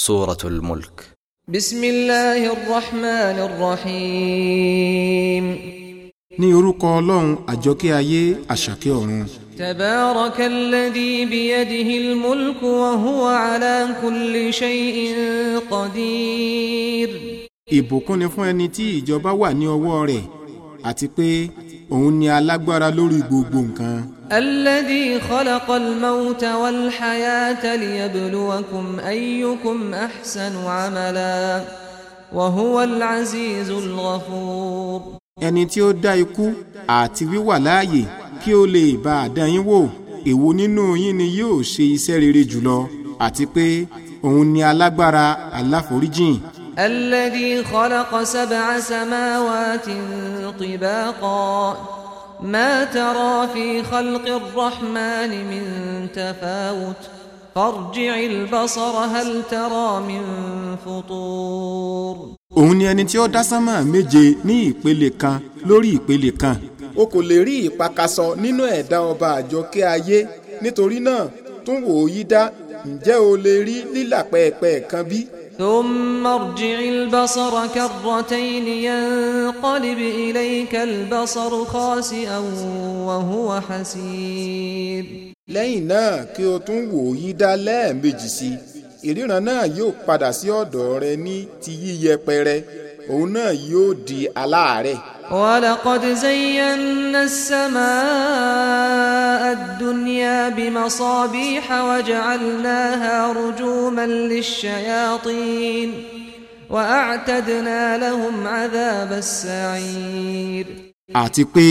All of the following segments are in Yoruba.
سورة الملك بسم الله الرحمن الرحيم ní orúkọ ọlọ́run àjọkẹ́ ayé àṣàkẹ́ ọ̀run. تبارك الذي بيده الملك وهو على كل شيء قدير. ìbùkún ni fún ẹni tí ìjọba wà ní ọwọ́ rẹ̀ àti pé òun ni alágbára lórí gbogbo nǹkan. alladhi khalaqal mawta wal hayata liyabluwakum ayyukum ahsanu amala wa huwal azizul ghafur. ẹni tí ó dá ikú àti wíwà láàyè kí ó lè bá a wò èwo nínú yín ni yóò ṣe iṣẹ́ rere jùlọ àti pé òun ni alágbára aláforíjìn. الذي خلق سبع سماوات طباقا ما ترى في خلق الرحمن من تفاوت فارجع البصر هل ترى من فطور òun ni ẹni tí ó dá sánmà méje ní ìpele kan lórí ìpele kan. o kò lè rí ìpakasọ nínú ẹ̀dá ọba àjọkẹ́ ayé nítorí náà tún wò ó yí dá ǹjẹ́ o lè rí lílà pẹ́ẹ́pẹ́ẹ́ kan bí? ثم ارجع البصر كرتين ينقلب إليك البصر خاسئا وهو حسير lẹ́yìn náà kí o tún wò ó yídá lẹ́ẹ̀mejì sí ìríran náà yóò padà sí ọ̀dọ̀ rẹ ní ti yíyẹpẹrẹ òun náà yóò di aláàárẹ̀. ولقد زينا السماء الدنيا بمصابيح وجعلناها رجوما للشياطين وأعتدنا لهم عذاب السعير àti pé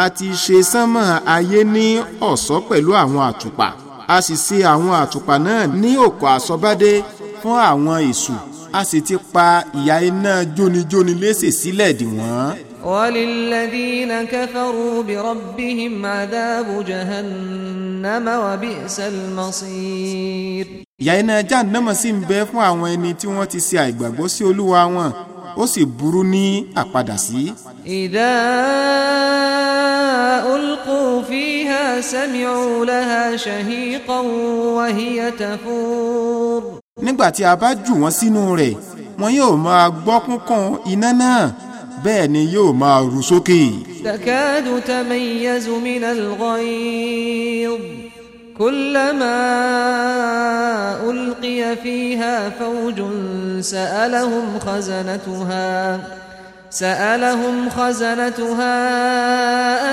a ti ṣe sánmọ̀ ayé ní ọ̀ṣọ́ pẹ̀lú àwọn àtùpà a sì ṣe àwọn àtùpà náà ní òkò àsọbádé fún àwọn èṣù a sì ti pa ìyà iná jónijóni léṣe sílẹ̀ dì wọ́n. وللذين كفروا بربهم عذاب جهنم وبئس المصير ìyà iná jahannama sì ń bẹ fún àwọn ẹni tí wọ́n ti ṣe àìgbàgbọ́ sí olúwa wọn ó sì burú ní àpadà sí. إذا ألقوا فيها سمعوا لها شهيقا وهي تفور. nígbà tí a bá jù wọ́n sínú rẹ̀ wọn yóò máa gbọ́ kúnkún iná náà bẹ́ẹ̀ ni yóò máa ru sókè. takadu tamayyazu min al-ghayb kullama ulqiya fiha fawjun sa'alahum khazanatuha sa'alahum khazanatuha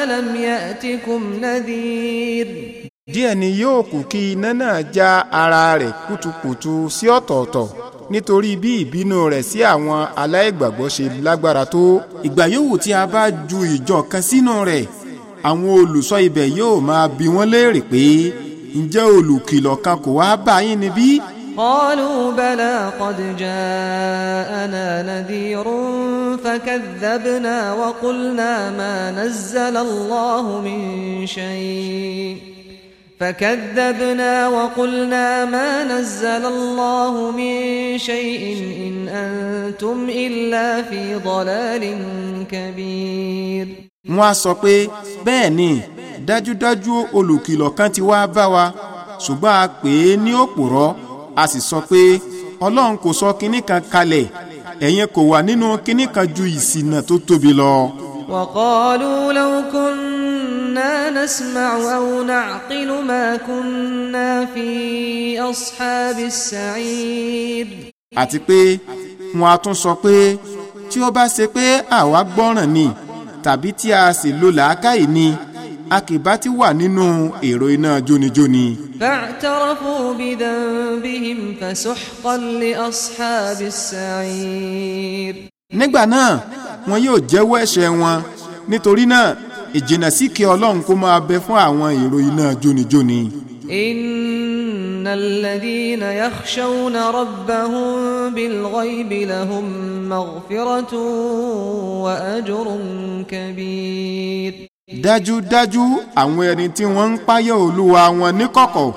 alam ya'tikum nadhir. díẹ̀ ni yóò kù kí iná náà já ara rẹ̀ kùtùkùtù sí ọ̀tọ̀ọ̀tọ̀ nítorí bí ìbínú rẹ̀ sí àwọn aláìgbàgbọ́ ṣe lágbára tó. ìgbà yòówù tí a bá ju ìjọ kan sínú rẹ̀ àwọn olùsọ ibẹ̀ yóò máa bi wọ́n léèrè pé ǹjẹ́ olùkìlọ̀ kan kò wá bá yín níbí. قالوا بلى قد جاءنا نذير فكذبنا وقلنا ما نزل الله من شيء فكذبنا وقلنا ما نزل الله من شيء إن أنتم إلا في ضلال كبير wọ́n á sọ pé bẹ́ẹ̀ ni dájúdájú olùkìlọ̀ kan ti wá bá wa ṣùgbọ́n a pè é ní òpùrọ́ a sì sọ pé ọlọ́run kò sọ kinní kan kalẹ̀ ẹ̀yin kò wà nínú kinní kan ju ìṣìnà tó tóbi lọ. وقالوا لو كنا نسمع أو نعقل ما كنا في أصحاب السعير. àti pé wọn a tún sọ pé tí ó bá ṣe pé àwa gbọ́ràn ni tàbí tí a sì lo làákàyè ni a kì bá ti wà nínú èrò iná jónijóni. فاعترفوا بذنبهم فسحقا لأصحاب السعير. nígbà náà wọn yóò jẹ́wọ́ ẹ̀ṣẹ̀ wọn nítorí náà ìjìnà sí kí ọlọ́run kó máa bẹ fún àwọn èrò iná jónijóni. innal ladhina yakhshawna rabbahum bil ghaybi lahum maghfiratun wa ajrun kabir. dájúdájú àwọn ẹni tí wọ́n ń páyà olúwa wọn níkọ̀kọ̀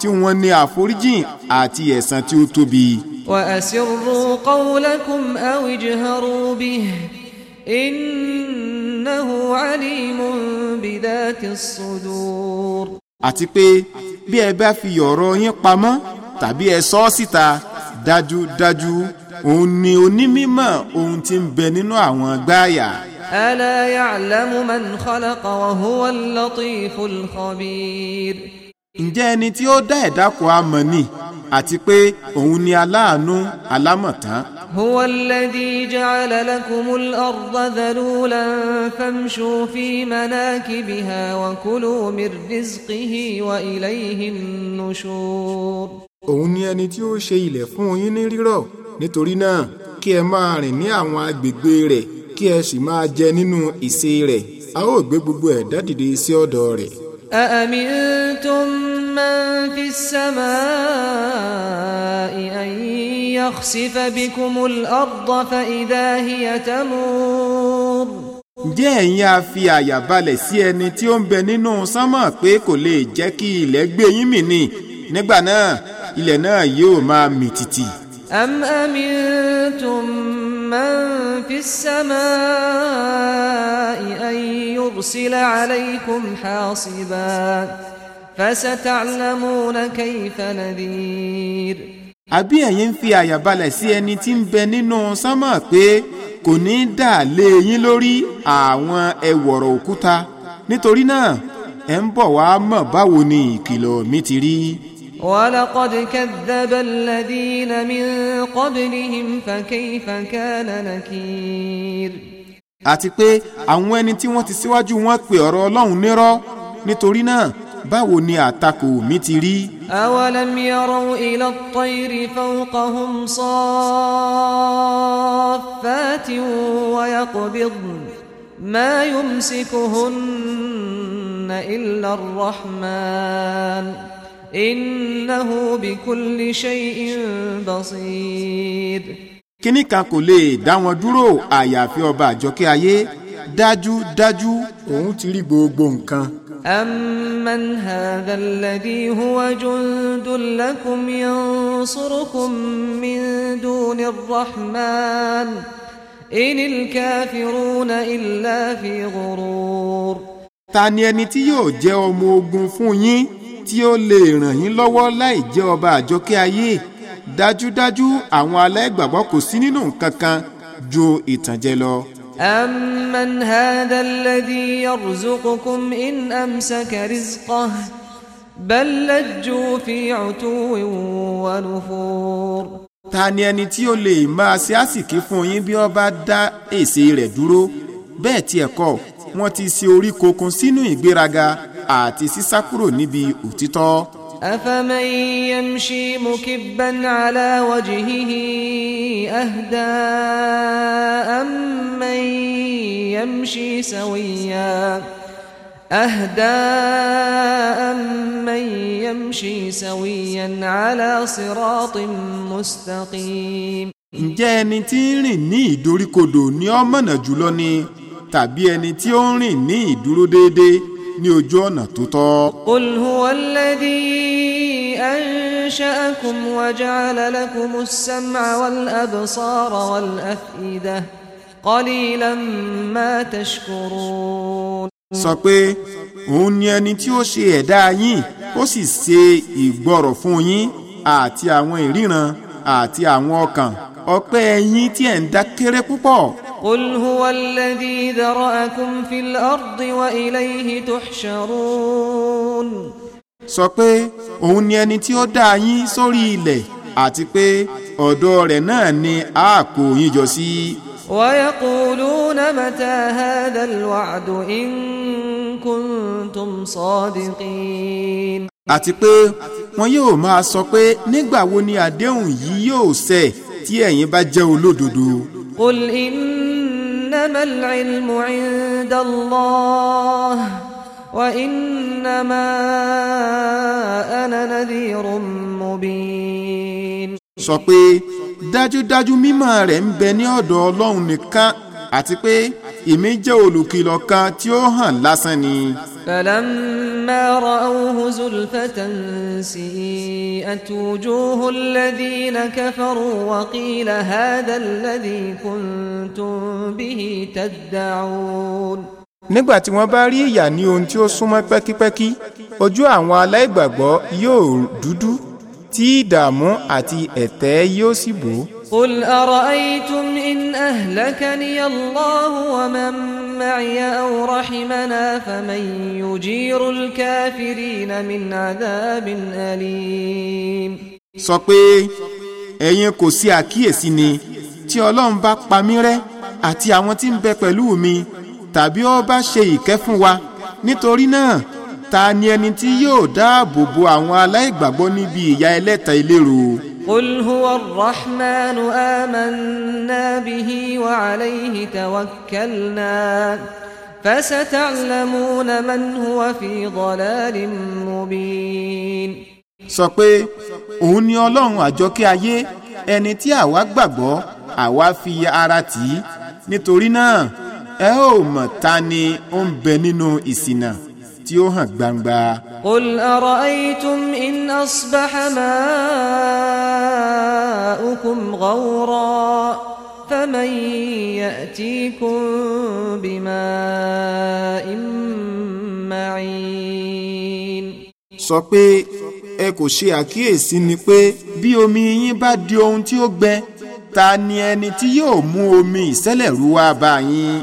tí wọ́n ní àforíjìn àti ẹ̀san tí ó tóbi. wa asirru qawlakum aw ijharu bihi innahu alimun bidhati sudur. àti pé bí ẹ bá fi ọ̀rọ̀ yín pamọ́ tàbí ẹ sọ ọ́ síta dájúdájú òun ni onímọ̀ ohun tí ń bẹ nínú àwọn gbáàyà. ala ya'lamu man khalaqa wa huwa al-latiful ǹjẹ́ ẹni tí ó dá ẹ̀dá kọ́ amọ̀ ni àti pé òun ni aláàánú alámọ̀tán. هو الذي جعل لكم الأرض ذلولا فامشوا في مناكبها وكلوا من رزقه وإليه النشور òun ni ẹni tí ó ṣe ilẹ̀ fún yín ní rírọ̀ nítorí náà kí ẹ máa rìn ní àwọn agbègbè rẹ̀ kí ẹ sì máa jẹ nínú ìṣe rẹ̀ a ó gbé gbogbo ẹ̀dá dìde sí ọ̀dọ̀ rẹ̀. أأمنتم من في السماء أن يخسف بكم الأرض فإذا هي تمور ǹjẹ́ ẹ̀yin á fi àyà balẹ̀ sí ẹni tí ó ń bẹ nínú sánmọ̀ pé kò lè jẹ́ kí ilẹ̀ gbé yín mì ni nígbà náà ilẹ̀ náà yóò máa mì tìtì. am amintum man fi samaa'i an yursila alaykum hasiba fasata'lamuna kayfa nadhir. àbí ẹ̀yin ń fi àyà balẹ̀ sí ẹni tí ń bẹ nínú sánmà pé kò ní í dà lé yín lórí àwọn ẹwọ̀rọ̀ òkúta nítorí náà ẹ̀ ń bọ̀ wá mọ̀ báwo ni ìkìlọ̀ mi ti rí. ولقد كذب الذين من قبلهم فكيف كان نكير. àti pé àwọn ẹni tí wọ́n ti síwájú wọn pe ọ̀rọ̀ Ọlọ́run nírọ́ nítorí náà báwo ni àtakò mi ti rí. awalam yaraw ila at-tayri fawqahum saffatin wa yaqbidn ma yumsikuhunna illa ar-rahman innahu bikulli shay'in basir. kò lè dá wọn dúró àyàfi ọba àjọkẹ́ ayé dájúdájú òun ti rí gbogbo nǹkan. أمن هذا الذي هو جند لكم ينصركم من دون الرحمن إن الكافرون إلا في غرور. ta ni ẹni tí yóò jẹ́ ọmọ ogun fún yín tí ó lè ràn yín lọ́wọ́ láì jẹ́ ọba àjọkẹ́ ayé dájúdájú àwọn aláìgbàgbọ́ kò sí nínú nǹkan kan ju ìtànjẹ lọ. أمن هَذَا الَّذِي يَرْزُقُكُمْ إِنْ أَمْسَكَ رِزْقَهُ بَلْ لجوا في عتو ونفور ta ni ẹni tí ó lè máa ṣe àsìkí fún yín bí wọ́n bá dá èsì rẹ̀ dúró bẹ́ẹ̀ tiẹ̀ kọ́ wọ́n ti ṣe orí kokun sínú ìgbéraga àti sísá kúrò níbi òtítọ́. أفمن يمشي مكبا على وجهه أهدى أمن يمشي سويا أهدى أمن يمشي سويا على صراط مستقيم ǹjẹ́ ẹni tí ń rìn ní ìdoríkodò ni ó mọ̀nà jùlọ ni tàbí ẹni tí ó ń rìn ní ìdúró déédéé ní ojú ọ̀nà tó tọ́. Qul huwa alladhi ansha'akum wa ja'ala lakumu as-sam'a wal-absara wal-af'idah qalilan ma tashkurun. sọ pé òun ni ẹni tí ó ṣe ẹ̀dá yín ó sì ṣe ìgbọ̀rọ̀ fún yín àti àwọn ìríran àti àwọn ọkàn ọpẹ́ yín tí ẹ̀ ń dá kéré púpọ̀. قل هو الذي ذرأكم في الأرض وإليه تحشرون sọ pé òun ni ẹni tí ó dá yín sórí ilẹ̀ àti pé ọ̀dọ̀ rẹ̀ náà ni a kó yín jọ sí. ويقولون متى هذا الوعد إن كنتم صادقين. àti pé wọn yóò máa sọ pé nígbà wo ni àdéhùn yìí yóò ṣẹ tí ẹ̀yin bá jẹ́ olódodo. قل إن إنما العلم عند الله وإنما أنا نذير مبين sọ pé dájúdájú mímọ̀ rẹ̀ ń bẹ ní ọ̀dọ̀ Ọlọ́run nìkan àti pé èmi jẹ́ olùkìlọ̀ kan tí ó hàn lásán ni. فلما رأوه زلفة سيئت وجوه الذين كفروا وقيل هذا الذي كنتم به تدعون nígbà tí wọ́n bá rí ìyà ní ohun tí ó súnmọ́ pẹ́kípẹ́kí ojú àwọn aláìgbàgbọ́ yóò dúdú tí ìdààmú àti ẹ̀tẹ́ yóò sì bò. قل أرأيتم إن أهلكني الله ومن معي أو رحمنا فمن يجير الكافرين من عذاب أليم sọ pé ẹ̀yin kò sí àkíyèsí ni tí ọlọ́run bá pa mí rẹ́ àti àwọn tí ń bẹ pẹ̀lú mi tàbí ó bá ṣe ìkẹ́ fún wa nítorí náà ta ni ẹni tí yóò dáàbò bo àwọn aláìgbàgbọ́ níbi ìyà ẹlẹ́ta ìlérò. قل هو الرحمن آمنا به وعليه توكلنا فستعلمون من هو في ضلال مبين sọ pé òun ni ọlọ́run àjọkẹ́ ayé ẹni tí àwa gbàgbọ́ àwa fi ara tì í nítorí náà ẹ ó mọ̀ ta ni ó ń bẹ nínú ìṣìnà tí ó hàn gbangba. Qul ara'aytum in asbaha ma'ukum ghawra faman ya'tikum bima'in ma'in. Sọ pé ẹ kò ṣe àkíyèsí ni pé bí omi yín bá di ohun tí ó gbẹ ta ni ẹni tí yóò mú omi ìṣẹ̀lẹ̀ wá bá yín.